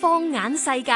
放眼世界，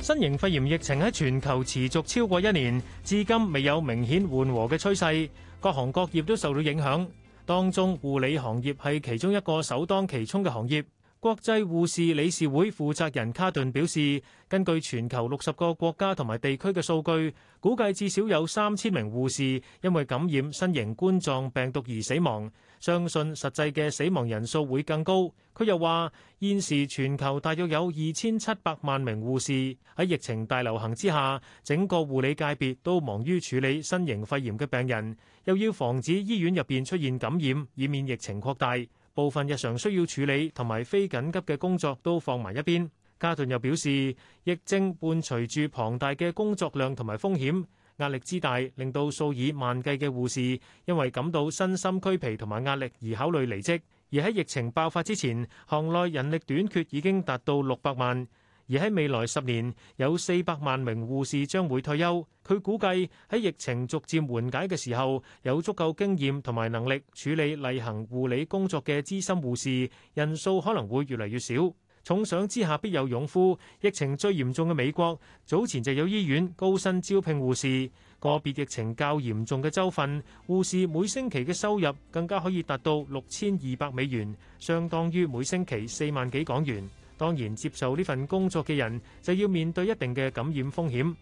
新型肺炎疫情喺全球持續超過一年，至今未有明顯緩和嘅趨勢，各行各業都受到影響。當中護理行業係其中一個首當其衝嘅行業。國際護士理事會負責人卡頓表示，根據全球六十個國家同埋地區嘅數據，估計至少有三千名護士因為感染新型冠狀病毒而死亡，相信實際嘅死亡人數會更高。佢又話，現時全球大約有二千七百萬名護士。喺疫情大流行之下，整個護理界別都忙於處理新型肺炎嘅病人，又要防止醫院入邊出現感染，以免疫情擴大。部分日常需要處理同埋非緊急嘅工作都放埋一邊。加頓又表示，疫症伴隨住龐大嘅工作量同埋風險，壓力之大令到數以萬計嘅護士因為感到身心俱疲同埋壓力而考慮離職。而喺疫情爆發之前，行內人力短缺已經達到六百萬。而喺未來十年，有四百萬名護士將會退休。佢估計喺疫情逐漸緩解嘅時候，有足夠經驗同埋能力處理例行護理工作嘅資深護士人數可能會越嚟越少。重賞之下必有勇夫，疫情最嚴重嘅美國早前就有醫院高薪招聘護士。個別疫情較嚴重嘅州份，護士每星期嘅收入更加可以達到六千二百美元，相當於每星期四萬幾港元。當然，接受呢份工作嘅人就要面對一定嘅感染風險。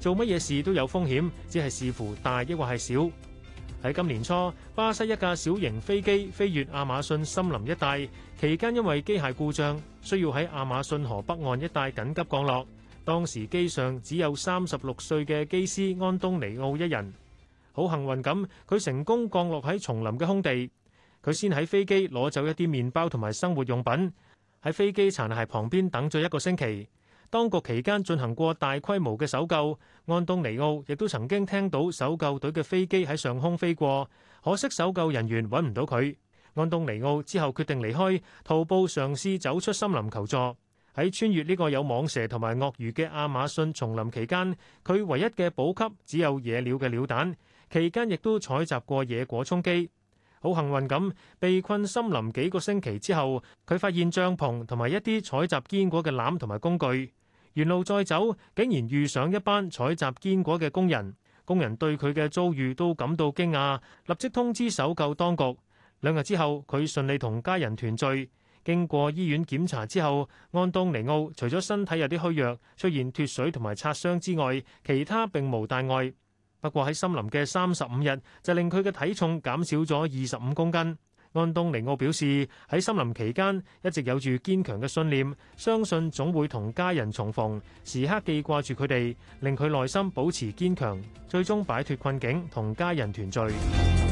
做乜嘢事都有風險，只係視乎大抑或係小。喺今年初，巴西一架小型飛機飛越亞馬遜森林一帶，期間因為機械故障，需要喺亞馬遜河北岸一帶緊急降落。當時機上只有三十六歲嘅機師安東尼奧一人。好幸運咁，佢成功降落喺叢林嘅空地。佢先喺飛機攞走一啲麵包同埋生活用品，喺飛機殘骸旁邊等咗一個星期。當局期間進行過大規模嘅搜救，安東尼奧亦都曾經聽到搜救隊嘅飛機喺上空飛過，可惜搜救人員揾唔到佢。安東尼奧之後決定離開，徒步嘗試走出森林求助。喺穿越呢個有蟒蛇同埋鱷魚嘅亞馬遜叢林期間，佢唯一嘅補給只有野鳥嘅鳥蛋。期間亦都採集過野果充飢，好幸運咁，被困森林幾個星期之後，佢發現帳篷同埋一啲採集堅果嘅籃同埋工具。沿路再走，竟然遇上一班採集堅果嘅工人，工人對佢嘅遭遇都感到驚訝，立即通知搜救當局。兩日之後，佢順利同家人團聚。經過醫院檢查之後，安東尼奧除咗身體有啲虛弱、出現脱水同埋擦傷之外，其他並無大礙。不過喺森林嘅三十五日，就令佢嘅體重減少咗二十五公斤。安東尼奧表示，喺森林期間一直有住堅強嘅信念，相信總會同家人重逢，時刻記掛住佢哋，令佢內心保持堅強，最終擺脱困境，同家人團聚。